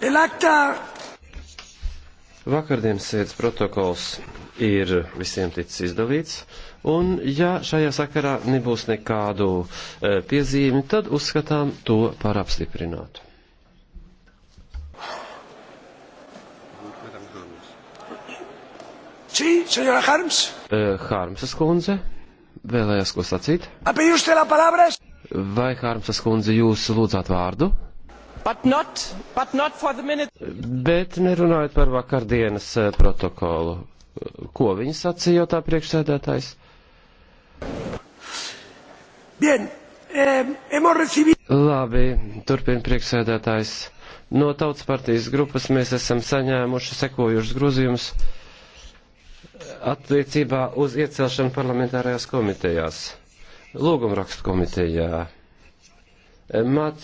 El acta. Vakardienas sēdes protokols ir visiem ticis izdalīts, un ja šajā sakarā nebūs nekādu e, piezīmi, tad uzskatām to par apstiprinātu. Sí, señora Harms. E, Harmsas kundze, vēlējās ko sacīt? Vai Harmsas kundze jūs lūdzāt vārdu? But not, but not Bet nerunājot par vakardienas eh, protokolu. Ko viņi sacīja, tā priekšsēdētājs? Bien, eh, recibi... Labi, turpina priekšsēdētājs. No tautas partijas grupas mēs esam saņēmuši sekojušas grozījumus eh, attiecībā uz iecelšanu parlamentārajās komitejās. Lūgumrakstu komitejā. Eh, Mats